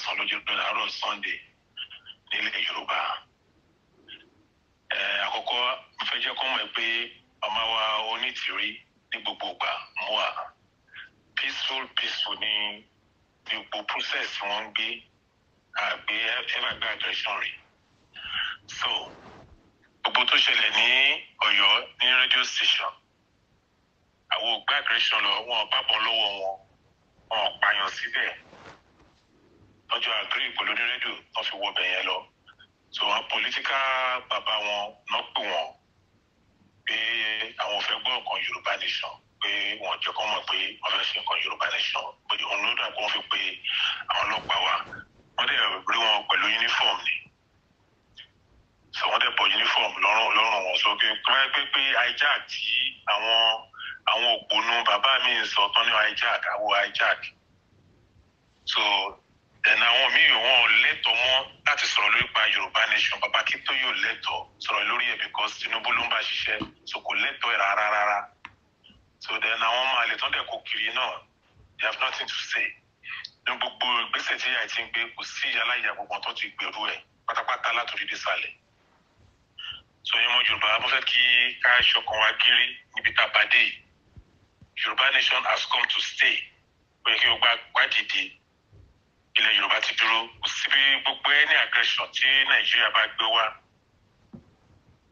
ọ̀sán lọ́jọ́ bẹ̀rẹ̀ àárọ̀ sunday nílẹ̀ yorùbá àkọ́kọ́ mo fẹ́ mọ̀ pé ọmọ wa onítìrí ní gbogbo ìgbà mú wa peaceful peaceful ní gbogbo process wọn ń gbé àgbé ever gbé aggression rẹ̀ so gbogbo tó ṣẹlẹ̀ ní ọ̀yọ́ ní radio station àwọn ògbà aggression lọ wọn bá bọ́ lọ́wọ́ wọn wọn pààyàn síbẹ̀ lọ́jọ́ agree pẹ̀lú ní rédíò wọ́n fi wọ ọbẹ̀ yẹn lọ so àwọn political bàbá wọn náà pè wọ́n pé àwọn ò fẹ́ gbọ́ nǹkan Yorùbá nation pé wọ́n jẹ́ kọ́ mọ̀ pé wọ́n fẹ́ ṣe nǹkan Yorùbá nation pé òun ló dà kó wọ́n fi pe àwọn ọlọ́pàá wa wọ́n dẹ̀ rí wọn pẹ̀lú uniform ni so wọ́n dẹ̀ bọ̀ uniform lọ́rùn lọ́rùn wọn so pé pé pé hijack tí àwọn àwọn òpònú bàbá mi ń sọ tán ní hijack àwọ hijack so ẹ̀nà àwọn míì wọn ò lẹ́tọ̀ọ́ mọ́ láti sọ̀rọ̀ lórí pa yorùbá nation bàbá kí tó yóò lẹ́tọ̀ọ́ sọ̀rọ̀ lórí ẹ̀ because tinubu ló ń bá ṣiṣẹ́ so kò lẹ́tọ̀ọ́ ẹ̀ rárá rárá so then àwọn ọmọ àlè tán dẹ̀ kó kiri náà they have nothing to say ní gbogbo ìgbésẹ̀ tí yàrá ti ń gbé kò sí aláìyá gbogbo tó ti gbèrú ẹ̀ pátápátá látòrí dé sàlẹ̀ so ìyẹn mọ yorùbá mo fẹ́ kí ká ṣọkàn wa gírí níbi tá a bá dé yorùbá nation has come to stay pé kí o gbá gbá dìde ilẹ̀ yorùbá ti dúró kò sí bí gbogbo any aggression tí nàìjíríà bá gbé wá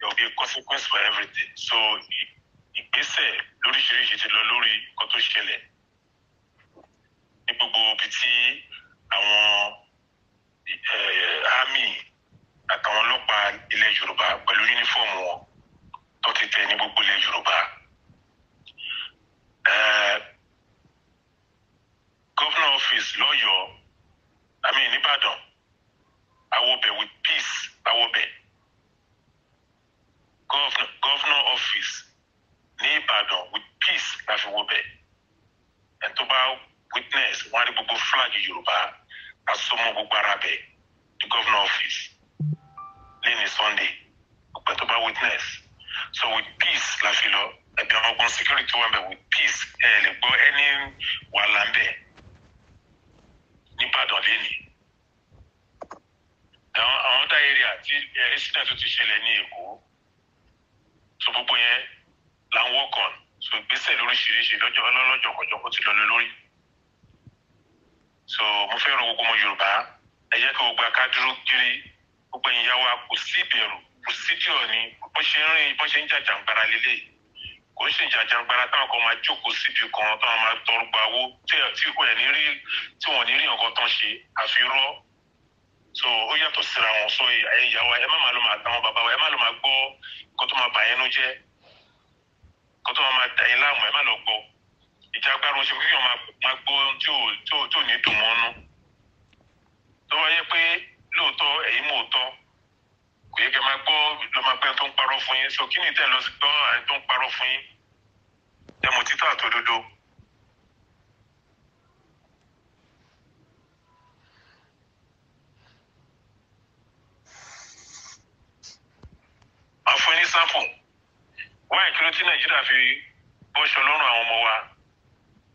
there will be a consequence for everything so ìgbésẹ̀ lóríṣiríṣi ti lọ lórí nǹkan tó ṣẹlẹ̀ ní gbogbo ibi tí àwọn eh, army àtàwọn ọlọ́pàá ilẹ̀ yorùbá pẹ̀lú yúnífọ̀mù wọn tó ti tẹ̀ ní gbogbo ilẹ̀ yorùbá. Eh, gọ́fúnà ọ́fíìsì lọ́yọ̀ọ́. I mean, I will be with peace I will be. governor governor office ní with peace láfi wọbẹ̀ ẹni tó bá witness wọn á rí gbogbo flag yorùbá asomọ gbogbo ara bẹ̀ ní governor office lẹ́ni sunday gbogbo ẹni tó witness so with peace láfi lọ ẹ̀bẹ̀ ọgbọ́n security wọn bẹ̀ with peace ẹ̀ lè gbọ́ ẹni wàhálà ń nìbàdàn lẹ́nìí àwọn àwọn tá area tí ẹsìnà tó ti ṣẹlẹ̀ ní èkó so gbogbo yẹn là ń work on so gbèsè lóríṣiríṣi lọ́jọ́ ọlọ́lọ́jọ́ kọjọ́ kó ti lọlé lórí so mo fẹ́ rọ gbogbo ọmọ yorùbá ẹ jẹ́ kí gbogbo akádúró kiri gbogbo ẹ̀yìn yá wa kò sí ìbẹ̀rù kò sí dìọ̀ ni bó ṣe ń rìn bó ṣe ń jàjàǹgbara lélẹ́yìí kò ń ṣe jàjàngbara táwọn kan máa jókòó síbi kan táwọn máa tọrọ gba owó tí kò ní rí tí wọn ní rí nǹkan tán ṣe àfirọ́ so ó yàtọ̀ síra wọn so ẹ̀yà wa ẹ má máa lọ máa tàwọn bàbá wa ẹ má lọ máa gbọ́ nǹkan tó máa bà yẹn nú jẹ́ nǹkan tó máa dà yín láàmú ẹ má lọ gbọ́ ìjà agbára oṣù kíkì máa gbọ́ tí ò ní dùn mọ́nú tó bá yẹ pé lóòótọ́ ẹ̀yin mòótọ́ kò yẹ kẹ́ máa gbọ́ ló máa pẹ́ tó ń parọ́ fún yín so kí ni tẹ́ lọ sí gbọ́ àyè tó ń parọ́ fún yín ẹ mọ̀ títà àtòdodo. àfọ ní sáfù wáyé kí ló tí nàìjíríà fi bọ́ṣọ lọ́rùn àwọn ọmọ wa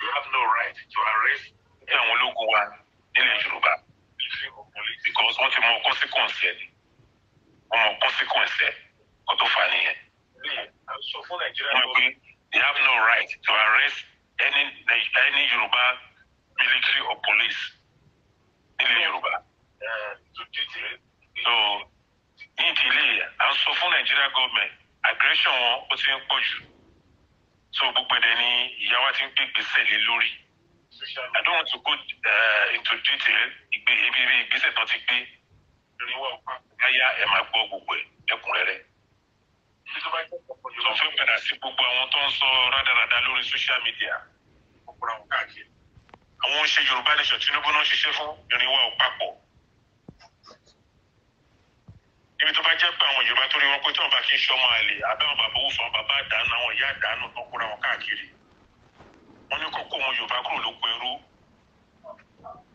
you have no right to arrest ní àwọn ológun wa nílẹ̀ yorùbá because wọ́n ti mọ consequence ẹ̀ ni wọ́n consequence ẹ̀ kó tó fà nìyẹn. they have no right to arrest any any Yoruba military or police nílẹ̀ hmm. Yoruba. so ní ìdílé à ń sọ fún Nigeria government aggression wọn ó ti ń pọ̀ jù so gbogbo ẹ̀dẹ̀ ni ìyá wa ti ń gbégbèsè lé lórí. I don't want to go uh, into detail ibi ibi ìgbésẹ̀ tó ti gbé. Kaya ẹ máa gbọ́ gbogbo ẹ̀ lẹ́kùnrẹ́rẹ́. sọ fún padà sí gbogbo àwọn tó ń sọ rádaràda lórí social media kókóra wọn káàkiri. àwọn ń ṣe Yorùbá nation Tinubu náà ṣiṣẹ́ fún ìrìnwá òpapọ̀. níbi tó bá jẹ́ pé àwọn Yorùbá tó rí wọn pé tí wọn bá kí ń ṣọmọ àlè àbẹ́wọn bàbá òwúfọ̀ àwọn bàbá àdánù àwọn ìyá àdánù tó kóra wọn káàkiri. wọ́n ní kókó àwọn Yorùbá kúrò ló pẹ̀rú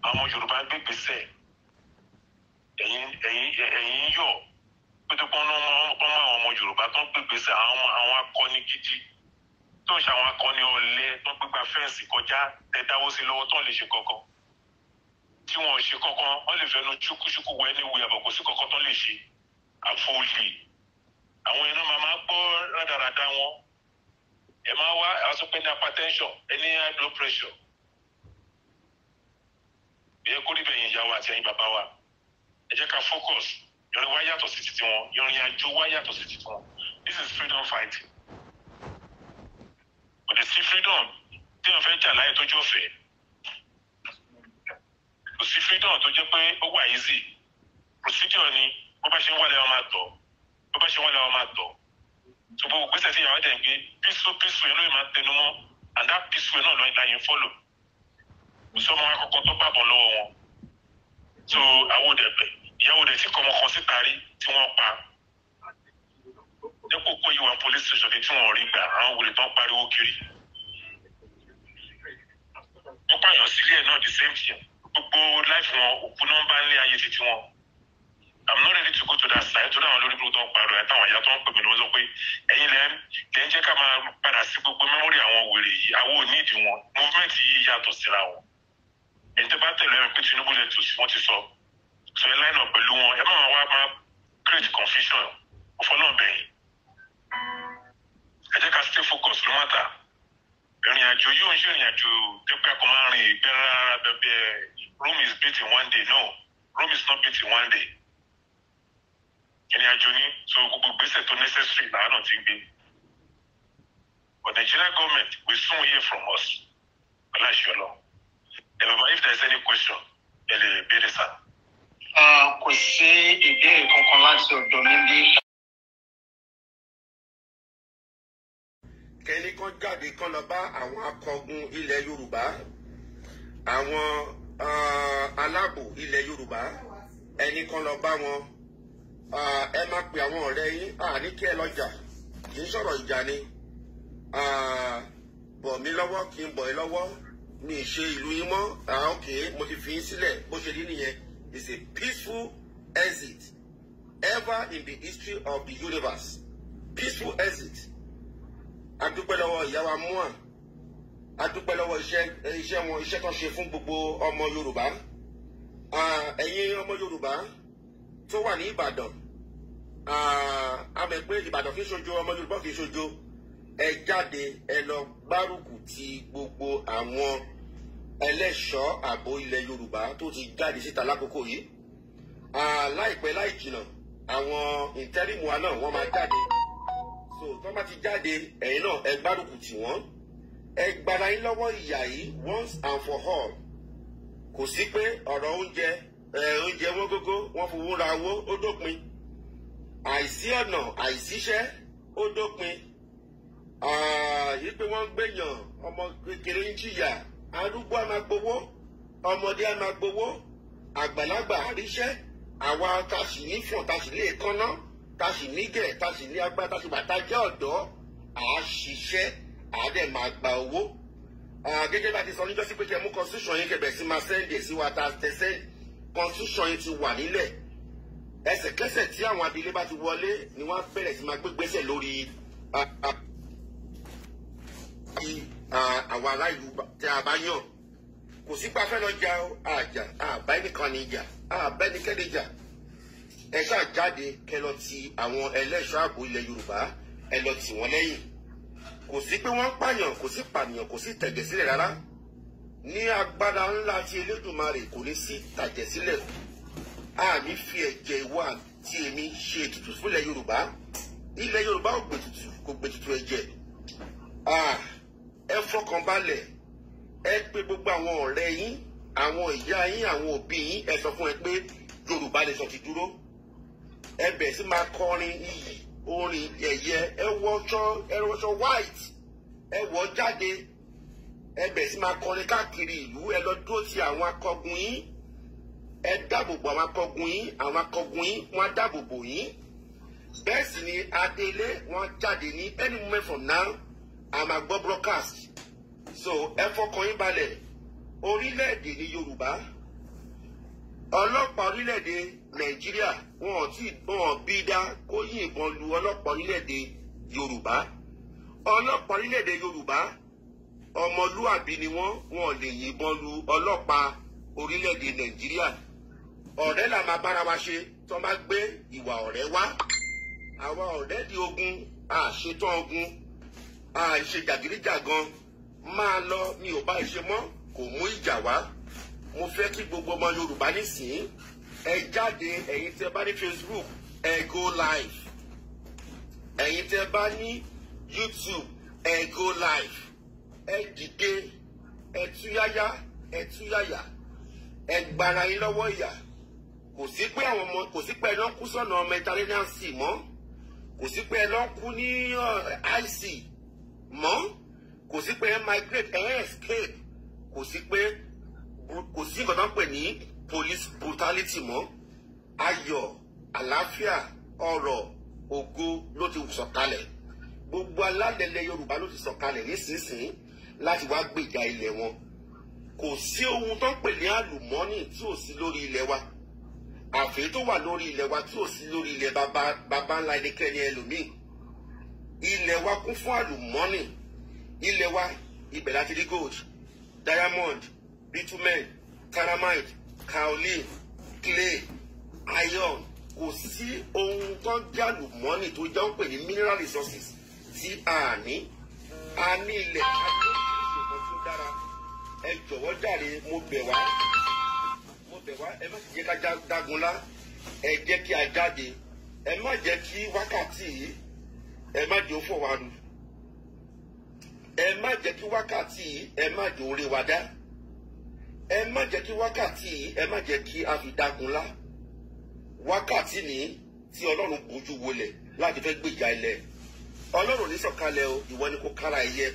àwọn Yorùbá gbégbèsè ẹ̀yin ẹ̀yin ẹ̀yin yọ̀ pété pọ́n náà àwọn ọmọ Yorùbá tó ń pèpè sí àwọn àwọn akọni gidi tó ń ṣe àwọn akọni ọ̀lẹ tó ń pèpè fẹ́ǹsì kọjá tẹ̀dáwó sí lọ́wọ́ tó ń lè ṣe kankan tí wọn ò ṣe kankan wọn lè fẹnu ṣúkúṣúkú wọ ẹni wuyà bọ̀ kò sí kankan tó lè ṣe àfọlì àwọn iná máa máa gbọ́ rádaràda wọn ẹ máa wá aṣọ pé ní high blood pressure bí ẹ kórìbẹ̀yìn ìyá wa àti ẹ̀yin bàbá wa ẹ jẹ́ ká focus ìrìn wa yàtọ̀ sí titi wọn ìrìn àjò wa yàtọ̀ sí titi wọn this is freedom fighting. kò lè sí freedom tí wọn fẹ́ jà láyé tó jẹ́ ọ̀fẹ́ kò sí freedom tó jẹ́ pé ó wà easy procedure ni bó bá ṣe ń wálé wọn máa tọ̀ bó bá ṣe ń wálé wọn máa tọ̀ tó bó gbèsè tí ìyàwó dẹ̀ ń gbé peaceful peaceful yẹn ló máa tẹnu mọ́ and that peaceful náà lọ́yìn láyé ń fọ́lò kò sí ọmọ akọ̀kọ̀ tó gbàbọ̀ lọ́wọ́ wọn so àwọn òde ẹ̀bẹ̀ ìyàwó òde ti kọ́ ọmọ kan síta rí tí wọ́n pa dípò kó yíwa police station ni tí wọ́n rí gbà àwọn wòlé tán pariwo kiri wọ́n pààyàn sílé ẹ̀ náà the same thing gbogbo life wọn òkú nọ́mbà ńlẹ̀ ayé titi wọn i'm not ready to go to that side torí àwọn olórí burúkú tó ń parọ́ ẹ̀ táwọn ìyá tó ń pè mí ni wọ́n sọ pé ẹ̀yin lẹ́ lẹ́ ń jẹ́ ká máa padà sí gbogbo mẹ́mórì àwọn wèrè yìí àwọn ò ní ìdí wọn movement yìí yàtọ̀ síra wọn. èyí tó bá tẹ̀lé no pé Tinubu lè tù sí so line up a wọn ẹ má wá máa create confusion ọ̀fọ̀lọ́bẹ̀yìn ẹ jẹ́ ká stay focus ló má ta ìrìn àjò yóò ń ṣe ìrìn àjò pípẹ́ kó máa rìn ìgbẹ́ rárá is beating one day no room is not beating one day ìrìn àjò ni so gbogbo tó necessary làánà ti gbé but general government will soon hear from us ọláṣọlọ. there's any question ẹ lè béèrè sá. kò sí ìbéèrè kankan láti ọ̀dọ̀ mi bí. kẹ́ni kan jáde kan lọ bá àwọn akọgun ilẹ̀ Yorùbá àwọn aláàbò ilẹ̀ Yorùbá ẹni kan lọ bá wọn ẹ má pe àwọn ọ̀rẹ́ yín àní kí ẹ lọ jà kì í sọ̀rọ̀ ìjà ni bọ̀ mí lọ́wọ́ kí n bọ̀ ẹ́ lọ́wọ́ mi ṣe ìlú yín mọ́ ah ok mo ti fi yín sílẹ̀ bó ṣe rí nìyẹn it's a peaceful exit ever in the history of the universe peaceful exit adúpẹ́ lọ́wọ́ ìyá wa mua adúpẹ́ lọ́wọ́ iṣẹ́ iṣẹ́ wọn iṣẹ́ kan ṣe fún gbogbo ọmọ Yorùbá ẹ̀yin ọmọ Yorùbá tó wà ní Ìbàdàn àmọ̀ pé Ìbàdàn kì í ṣojo ọmọ Yorùbá kì í ṣojo ẹ jáde ẹ lọ gbárùkù ti gbogbo àwọn ẹlẹ́ṣọ́ ààbò ilẹ̀ Yorùbá tó ti jáde síta lákòókò yìí láìpẹ́ láì jìnnà àwọn ìntẹ́rìmù wa náà wọ́n máa jáde so tó bá ti jáde ẹ̀yin náà ẹ gbárùkù tì wọ́n ẹ gbara yín lọ́wọ́ ìyà yìí once and for all kò sí pé ọ̀rọ̀ oúnjẹ oúnjẹ wọn gógó wọn fowó ra owó ó dópin àìsí ọ̀nà àìsíṣẹ́ ó dópin yìí pé wọ́n ń gbèyàn ọmọ kékeré ń jìyà arúgbó a máa gbowó ọmọdé a máa gbowó àgbàlagbà àríṣẹ́ àwa ta sì ní fún ta sì ní èkánná ta sì ní gẹ̀ ta sì ní agbá ta sì bàtà jẹ́ ọ̀dọ́ à á ṣiṣẹ́ à á dẹ̀ máa gba owó. gẹ́gẹ́ bá ti sọ níjọ́ sí pé kẹ́ mú constitution yẹn kẹ̀bẹ̀ sí máa sẹ́ǹdẹ̀ sí wa ta tẹ̀sẹ̀ constitution yẹn ti wà nílẹ̀ ẹsẹ̀kẹsẹ̀ tí àwọn abilé bá ti wọlé ni wọ́n bẹ̀rẹ̀ sí máa gbégbésẹ̀ lórí. Ah, àwọn ará ìlú tí a bá yàn kò sí pa fẹ́lọ́ jà ó àjà àbá ẹnìkan ní ìjà àbá ẹnikẹ́ni jà ẹ ṣáà jáde kẹ lọ ti àwọn ẹlẹ́ṣọ́ ààbò ilẹ̀ Yorùbá ẹ lọ tì wọ́n lẹ́yìn kò sí pé wọ́n ń pààyàn kò sí pànìyàn kò sí tẹ̀jẹ̀ sílẹ̀ rárá ní agbára ńlá tí Elédùmarè kò ní sí tàjẹ̀ sílẹ̀ àmì fi ẹ̀jẹ̀ ìwà tí èmi ṣe ètùtù fúnlẹ̀ Yorùbá ilẹ̀ Yorùbá ò gbètùtù kò gbètùtù ẹ̀jẹ̀ ah, ẹ fọkàn balẹ̀ ẹ pé gbogbo àwọn ọ̀rẹ́ yín àwọn ìyá yín àwọn òbí yín ẹ sọ fún ẹ pé Yorùbá lè sọ ti dúró ẹ bẹ̀ sí máa kọrin iyì orin ẹ̀yẹ ẹ wọṣọ ẹ wọṣọ white ẹ wọ jáde ẹ bẹ̀ sí máa kọrin káàkiri ìlú ẹ lọ dúró ti àwọn akọgun yín ẹ dáàbòbò àwọn akọgun yín àwọn akọgun yín wọn á dáàbòbò yín bẹ́ẹ̀ sì ni adélé wọn jáde ní any moment from a máa broadcast so ẹ fọkàn yín balẹ̀ orílẹ̀-èdè ní Yorùbá ọlọ́pàá orílẹ̀-èdè Nàìjíríà wọn ò tí wọn bí dá kó yí ìbọn lu ọlọ́pàá orílẹ̀-èdè Yorùbá ọlọ́pàá orílẹ̀-èdè Yorùbá ọmọlúàbí ni wọ́n wọn lè yìnbọn lu ọlọ́pàá orílẹ̀-èdè Nàìjíríà ọ̀rẹ́ là máa bára wa ṣe tó máa gbé ìwà ọ̀rẹ́ wá àwa ọ̀rẹ́ di ogun àṣetán ogun àìṣe jàgídíjàgan máa lọ mi ò bá ìṣe mọ́ kò mú ìjà wá mo fẹ́ kí gbogbo ọmọ Yorùbá nísìnyí ẹ jáde ẹ̀yin tẹ́ bá ní Facebook ẹ go live ẹ̀yin tẹ́ bá ní YouTube ẹ go live ẹ dìde ẹ túyáyá ẹ túyáyá ẹ gbara yín lọ́wọ́ ìyà kò sí pé àwọn ọmọ kò sí pé ẹ lọ kú sọ́nà mẹtalẹ́nàsì mọ́ kò sí pé ẹ lọ kú ní IC mọ́ kò sí pé ẹ migrate ẹ escape kò sí pé kò sí nǹkan tó ń pè ní police brutality mọ́ ayọ̀ àlàáfíà ọrọ̀ ògo ló ti sọ̀kalẹ̀ gbogbo aládẹ̀lẹ̀ Yorùbá ló ti sọ̀kalẹ̀ nísinsìnyí láti wá gbèjà ilẹ̀ wọn kò sí ohun tó ń pè ní àlùmọ́nì tí ò sí lórí ilẹ̀ wa àfi tó wà lórí ilẹ̀ wa tí ò sí lórí ilẹ̀ baba ńlá ẹnikẹ́ni ẹlòmíì ilẹ̀ wa kún fún àlùmọ́nì ilẹ̀ wa ibẹ̀ láti rí gold diamond bitumen caramide kaolin clay iron kò sí ohun tó ń jẹ́ àlùmọ́nì tó jẹ́ ń pè ní mineral resources tí a ní a ní ilẹ̀ àgbẹ̀ tó dára ẹ jọ̀wọ́ jàre mo bẹ̀ wá mo bẹ̀ wá ẹ má sì jẹ́ ká dágunlá ẹ jẹ́ kí a jáde ẹ má jẹ́ kí wákàtí yìí ẹ má jẹ́ ó fọ̀ wá nu ẹ má jẹ́ kí wákàtí ẹ má jẹ́ ó ré wa dá ẹ má jẹ́ kí wákàtí ẹ má jẹ́ kí a fi dagun lá wákàtí ní tí ọlọ́run bójú wọlẹ̀ láti fẹ́ gbèjà ilẹ̀ ọlọ́run ní sọ̀kalẹ̀ o ìwọ ni kò kára ẹyẹ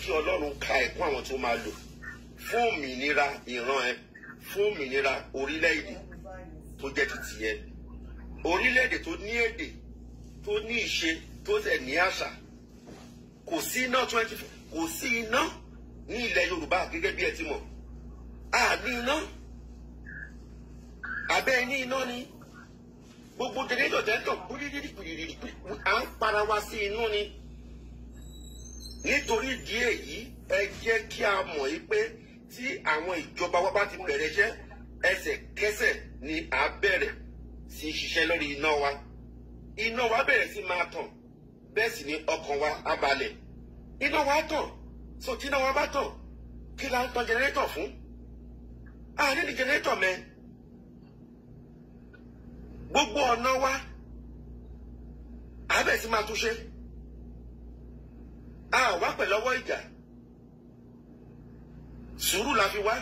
kí ọlọ́run ka ẹ̀kún àwọn tó máa lò fún òmìnira ìran ẹ fún òmìnira orílẹ̀-èdè tó jẹ́ ti tiẹ̀ orílẹ̀-èdè tó ní èdè tó ní ìṣe tó tẹ̀ ní àṣà kò sí iná twenty four kò sí iná ní ilẹ̀ Yorùbá gẹ́gẹ́ bí ẹ ti mọ̀ a ní iná abẹ́ ní iná ni gbogbo jẹnẹtọ̀ tẹ́tọ̀ kúrìrìrì kúrìrìrì à ń para wa sí inú ni nítorí ìdí èyí ẹ jẹ́ kí a mọ̀ yí pé tí àwọn ìjọba wa bá ti bẹ̀rẹ̀ iṣẹ́ ẹsẹ̀kẹsẹ̀ ni a bẹ̀rẹ̀ sí ṣiṣẹ́ lórí iná wa iná wa bẹ̀rẹ̀ sí máa tàn bẹ́ẹ̀ sì ni ọkàn wa á balẹ̀ iná wa tàn so tí iná wa bá tàn kí la ń tan jẹnẹrétọ̀ fún a nídìí jẹnẹrétọ̀ mẹ́ gbogbo ọ̀nà wa àbẹ̀ sí máa túnṣe a wá pẹ̀lú ọwọ́ ìjà sùúrù la fi wá